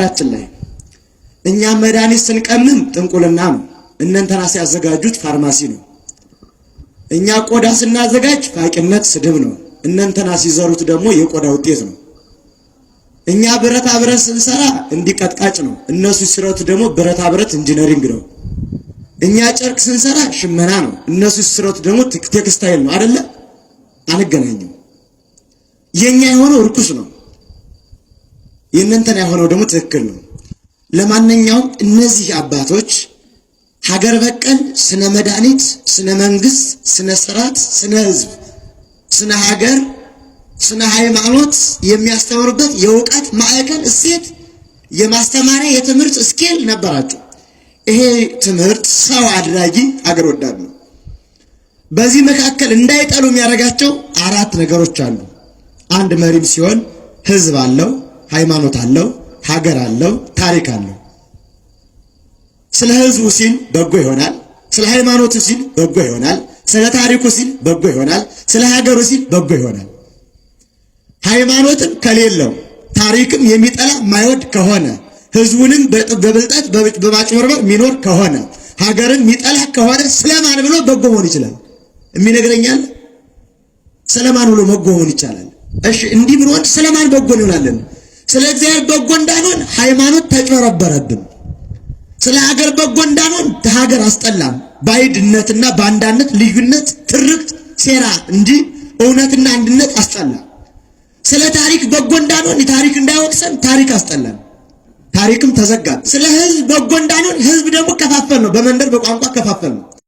በነገራችን ላይ እኛ መድኃኒት ስንቀምም ጥንቁልና ነው። እነንተና ሲያዘጋጁት ፋርማሲ ነው። እኛ ቆዳ ስናዘጋጅ ፋቂነት ስድብ ነው። እነንተና ሲዘሩት ደግሞ የቆዳ ውጤት ነው። እኛ ብረታ ብረት ስንሰራ እንዲቀጥቃጭ ነው። እነሱ ሲሰሩት ደግሞ ብረታ ብረት ኢንጂነሪንግ ነው። እኛ ጨርቅ ስንሰራ ሽመና ነው። እነሱ ሲሰሩት ደግሞ ቴክስታይል ነው። አይደለ? አንገናኝም። የኛ የሆነው ርኩስ ነው። የእነንተን ያሆነው ደግሞ ትክክል ነው። ለማንኛውም እነዚህ አባቶች ሀገር በቀል ስነ መድኃኒት፣ ስነ መንግስት፣ ስነ ስርዓት፣ ስነ ህዝብ፣ ስነ ሀገር፣ ስነ ሃይማኖት የሚያስተምሩበት የእውቀት ማዕከል እሴት የማስተማሪያ የትምህርት እስኬል ነበራቸው። ይሄ ትምህርት ሰው አድራጊ አገር ወዳድ ነው። በዚህ መካከል እንዳይጠሉ የሚያደርጋቸው አራት ነገሮች አሉ። አንድ መሪም ሲሆን ህዝብ አለው ሃይማኖት አለው፣ ሀገር አለው፣ ታሪክ አለው። ስለ ህዝቡ ሲል በጎ ይሆናል። ስለ ሃይማኖቱ ሲል በጎ ይሆናል። ስለ ታሪኩ ሲል በጎ ይሆናል። ስለ ሀገሩ ሲል በጎ ይሆናል። ሃይማኖትም ከሌለው ታሪክም የሚጠላ ማይወድ ከሆነ ህዝቡንም በብልጠት በማጭበርበር የሚኖር ከሆነ ሀገርን የሚጠላ ከሆነ ስለማን ብሎ በጎ መሆን ይችላል? የሚነግረኛል። ስለማን ብሎ በጎ መሆን ይቻላል? እሺ እንዲህ ብሎ ስለማን በጎ እንሆናለን? ስለ እግዚአብሔር በጎ እንዳንሆን ሃይማኖት ተጭበረበረብን። ስለ ሀገር በጎ እንዳንሆን ሀገር አስጠላም። ባዕድነትና ባንዳነት፣ ልዩነት፣ ትርክት፣ ሴራ እንጂ እውነትና አንድነት አስጠላ። ስለ ታሪክ በጎ እንዳንሆን ታሪክ እንዳይወቅሰን ታሪክ አስጠላን። ታሪክም ተዘጋ። ስለ ህዝብ በጎ እንዳንሆን ህዝብ ደግሞ ከፋፈል ነው። በመንደር በቋንቋ ከፋፈል ነው።